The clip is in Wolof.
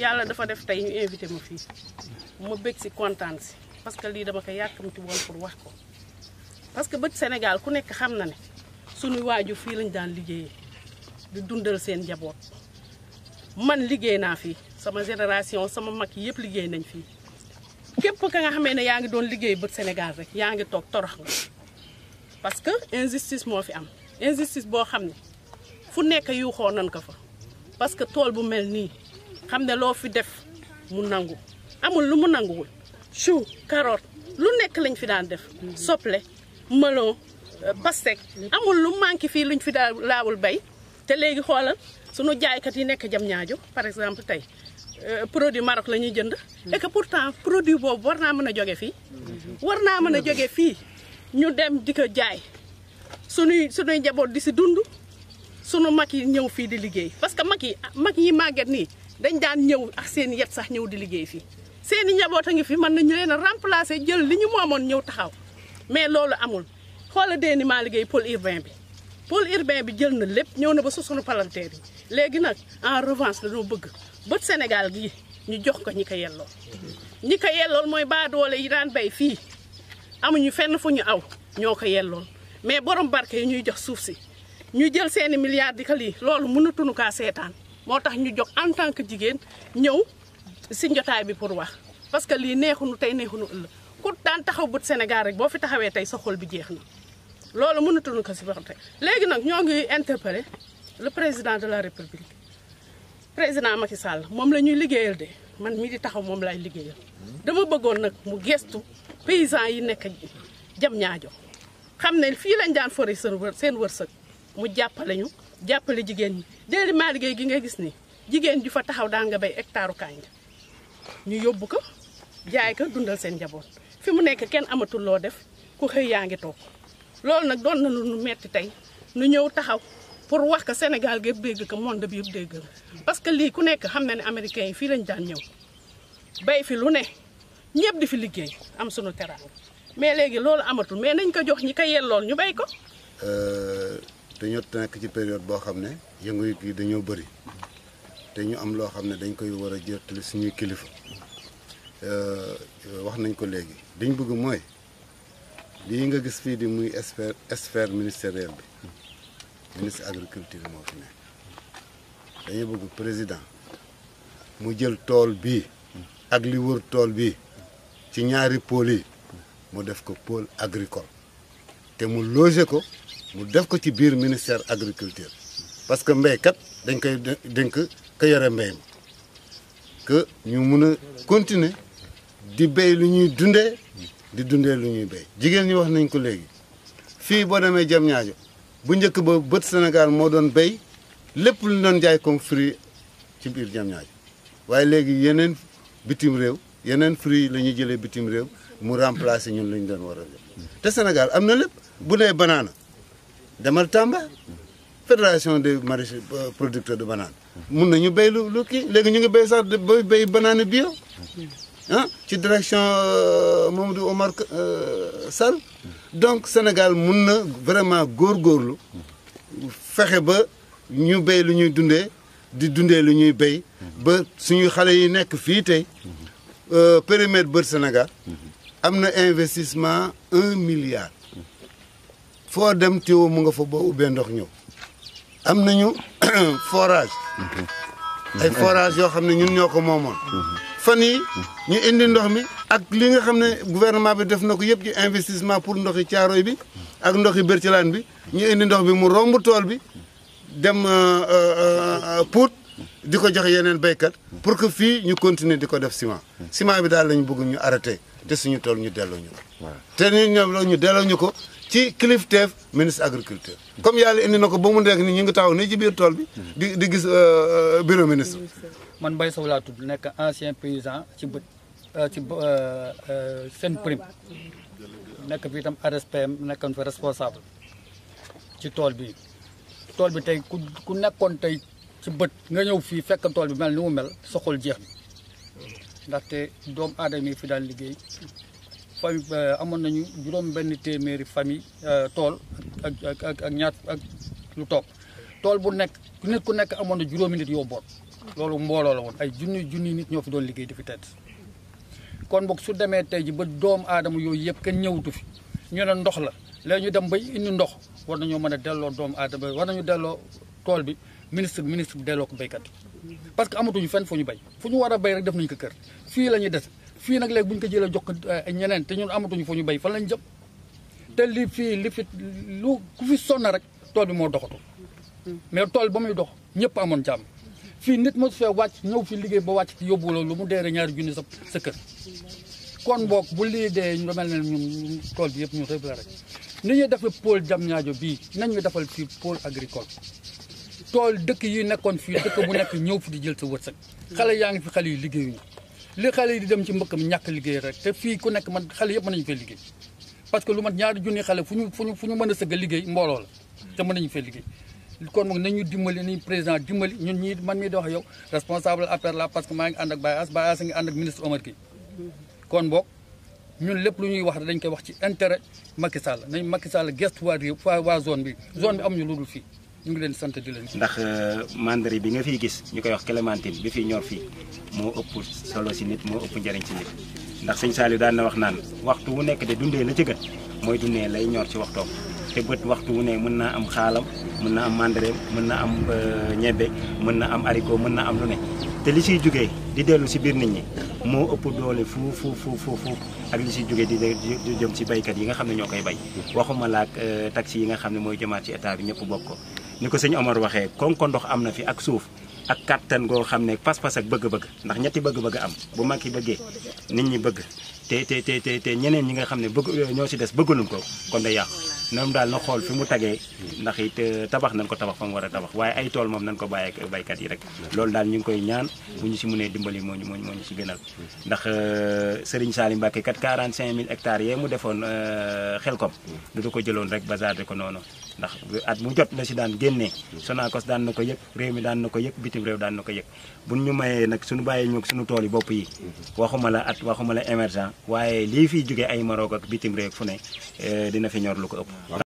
yàlla dafa def tey ñu invité ma fii ma bég si kontaan si parce que lii dama ko yàkkamti woon pour wax ko parce que bët Sénégal ku nekk xam na ne suñu waajur fii lañ daan liggéeyee di dundal seen njaboot man liggéey naa fii sama génération sama mag yëpp liggéey nañ fii képp ka nga xamee ne yaa ngi doon liggéey bët senegal rek yaa ngi toog torox nga parce que injustice moo fi am injustice boo xam ne fu nekk yuuxoo nan ko fa parce tool bu mel nii xam ne loo fi def mu nangu amul lu mu nanguwul su karoot lu nekk lañ fi daan def soble melon euh, pastèque amul lu manqué fii luñ fi daa laawul bay te léegi xoolal sunu jaaykat yi nekk jam ñaajo par exemple tey euh, produit Maroc la ñuy jënd et que pourtant produit boobu war naa mën a joge fii war naa mën a joge fii ñu dem di ko jaay sunuy sunuy njaboot di si dund sunu mag yi ñëw fii di liggéey parce que mag yi mag yi màgget nii dañ daan ñëw ak seen yet sax ñëw di liggéey fii seen i njaboot a ngi fi mën nañu leen na remplacer jël li ñu moomoon ñëw taxaw mais loolu amul xoola deeni maa liggéey pôle urbain bi pôle urbain bi jël na lépp ñëw na ba su sunu palanteer yi léegi nag en revanche dañoo bëgg bët Sénégal gii ñu jox ko ñi ko yellool ñi ko yellool mooy baadoole yi daan bay fii amuñu fenn fu ñu aw ñoo ko yellool mais borom barke yi ñuy jox suuf si ñu jël seeni milliards di ko lii loolu mënatuñu kaa moo tax ñu jox en tant que jigéen ñëw si njotaay bi pour wax parce que lii neexunu tey neexunu ëllëg ku daan taxaw bët Sénégal rek boo fi taxawee tey sa xol bi jeex na loolu mënatuñu ko si wax tey léegi nag ñoo ngi interpellé le président de la république président Macky Sall moom la ñuy liggéeyal de man mii di taxaw moom laay liggéeyal dama bëggoon nag mu gestu paysan yi nekk jam ñaajo xam ne fii lañ daan fori seen wër seen wërsëg mu jàppale ñu jàppale jigéen ñi déedéet maa liggéey gi nga gis ni jigéen ju fa taxaw daan nga bay hectare kànja ñu yóbbu ko jaay ka dundal seen njaboot fi mu nekk kenn amatul loo def ku xëy yaa ngi toog loolu nag doon na lu nu metti tey nu ñëw taxaw pour wax que Sénégal gépp dégg ko monde bi yëpp dégg parce que lii ku nekk xam na ni américains yi fii lañ daan ñëw bay fi lu ne ñëpp di fi liggéey am sunu teraanga mais léegi loolu amatul mais nañ ko jox ñi ko yellool ñu bay ko. Euh, te ñoo nekk ci période bo xamné yëngu yi dañoo bëri té ñu am lo xamné dañ koy wara jëttal suñu kilifa euh wax nañ ko légui dañ bëgg moy li nga gis fi di muy sphère sphère ministériel bi ministre agriculture mo fi ne dañu bëgg président mu jël tool bi ak li wër tool bi ci ñaari pôle yi mu def ko pôle agricole té mu loger ko mu def ko ci biir ministère agriculture parce que mbéykat dañ koy dénk ka yore mbéy ma que ñu mun a continuer di béy lu ñuy dundee di dundee lu ñuy béy jigéen ñi wax nañ ko léegi fii boo demee jam ñaajo bu njëkk ba bët Sénégal moo doon béy lépp lu doon jaay comme fruit ci biir jam ñaajo waaye léegi yeneen bitim réew yeneen fruit la ñuy jëlee bitim réew mu remplacer ñun lu doon war a te Sénégal am na lépp bu dee banaana demal fédération des producteurs de euh, banane mun nañu béy lu lu kii léegi ñu ngi béy sax banane bio Hein ci direction euh, Mamadou Omar euh, Sall donc Sénégal mun na vraiment góorgóorlu fexe ba ñu béy lu ñuy dundee di dundé lu ñuy béy ba suñu xalé yi nekk té euh périmètre bër Sénégal amna investissement 1 milliard foo dem tiwo mu nga fa boo ubbee ndox ñëw am nañu forage mhm. ay forage yoo xam ne ñu ñoo ko moomoon mhm. fan yi ñu indi ndox mi ak li nga xam ne gouvernement bi def na ko yëpp ci investissement pour ndox ndoxi Caaroy bi ak ndoxi Bertilaan bi ñu indi ndox bi mu romb tool bi dem euh, euh, euh, Pout di ko joxe yeneen béykat pour que fii ñu continuer di ko def ciment mhm. ciment bi daal la ñu ñu arrêté te suñu tool ñu delloo ñu ñu delloo ñu ko ci kilifteef ministre agriculture comme yàlla indi na ko ba mu nekk nii ñu ngi taxaw nii ci biir tool bi di di gis euh, euh, bureau ministre man Mbaye Sow laa tudd nekk ancien paysan ci bët euh, ci seen prime nekk fi itam RSPM nekkoon fi responsable ci tool bi tool bi tey ku ku nekkoon tey ci bët nga ñëw fii fekk tool bi mel ni mu mel soxul jeex bi ndaxte doomu aadama yi fi daan liggéey famille euh, amoon nañu juróom benn téeméeri famille euh, tool ak ak ak ak ñaar ak lu topp tool bu nekk ku nekk ku nekk amoon na juróomi nit yoo boot loolu mbooloo la woon ay junni junni nit ñoo fi doon liggéey di fi tedd kon boog su demee tey ji ba doomu aadama yooyu yëpp kenn ñëwutu fi ñu ne ndox la léegi ñu dem bay indi ndox war nañoo mën a delloo doomu aadama war nañu delloo tool bi ministre ministre bi delloo ko béykat parce que amatuñu fenn fu ñu béy fu ñu war a béy rek def nañu ko kër fii la ñuy des fii nag léegi bu ñu ko jëlee jokk ko eh, ñeneen te ñun amatuñu fu ñu bay fan lañ jëm te li fii lifit lu ku fi sonn rek tool bi moo doxatu mais tool ba muy dox ñëpp amoon jàmm fii nit mosu fee wàcc ñëw fi liggéey ba wàcc ci yóbbu la lu mu deere ñaari junni sa sa kër kon boog bu lii dee ñu mel ne ñun tool bi yëpp ñu réglé rek ni ñuy defee pôle jam ñaajo bii nañ ñu defal fii pôle agricole tool dëkk yi nekkoon fii dëkk bu nekk ñëw fi di jël sa wërsëg xale yaa ngi fi xale yu liggéeyuñu li xale yi di dem ci mbëkk mi ñàkk liggéey rek te fii ku nekk man xale yëpp mën nañu fee liggéey parce que lu mat ñaari junni xale fu ñu fu ñu fu ñu mën a liggéey mbooloo la te fee liggéey kon moom nañu dimbali nañu président dimbali ñun ñii man mii di wax yow responsable affaire la parce que maa ngi ànd ak Baye Ass Baye Ass ngi ànd kon boog ñun lépp lu ñuy wax dañ koy wax ci intérêt Macky Sall nañ Macky Sall gestu waa réew waa zone bi zone bi amuñu lu dul fii ñu ngi leen sant di leen ndax euh, mandari bi nga fiy gis ñu koy wax clémentine bi fi ñor fii moo ëpp solo si nit moo ëpp njëriñ si nit ndax sëñ Saliou daan na wax naan waxtu wu nekk de dundee la ci gën mooy dundee lay ñor ci waxtoom te bët waxtu wu ne mën am xaalam mën am mandarin mën am euh, ñebbe mën am haricot mën am lu ne te li siy jugee di dellu si biir nit ñi moo ëpp doole fu fu fuuf fuuf ak li siy jugee di di jëm si baykat yi nga xam ne ñoo koy bay waxuma laak euh, taxi yi nga xam ne mooy jëmaat ci état bi ñëpp bokk ni ko sëñ Omar waxee konko ndox am na fi ak suuf ak kàttan goo xam ne pas-pas ak bëgg-bëgg ndax ñetti bëgg-bëgg am bu mag yi bëggee nit ñi bëgg te te te te te ñeneen ñi nga xam ne bëgg ñoo si des bëgguñu ko kon day yàqu ñoom daal na xool fi mu tagee ndax it euh, tabax nañ ko tabax fa mu war a tabax waaye ay tool moom nañ ko bàyyi ak baykat yi rek loolu daal ñu ngi koy ñaan bu ñu si mënee dimbali moo ñu moo ñu si gënal ndax euh, Serigne Salim Mbacké kat mille hectares yee mu defoon euh, xelkom du du ko jëloon rek bazarde ko noonu ndax at mu jot la si daan génnee Sonacos daan na ko yëg réew mi daan na ko yëg bitim réew daan na ko yëg buñ ñu mayee nag suñu bàyyee ñu suñu tool yi bopp yi waxuma la at waxuma la émergent waaye lii fiy jóge ay Maroc ak bitim réew fu ne eh, dina fi ñor lu ko ëpp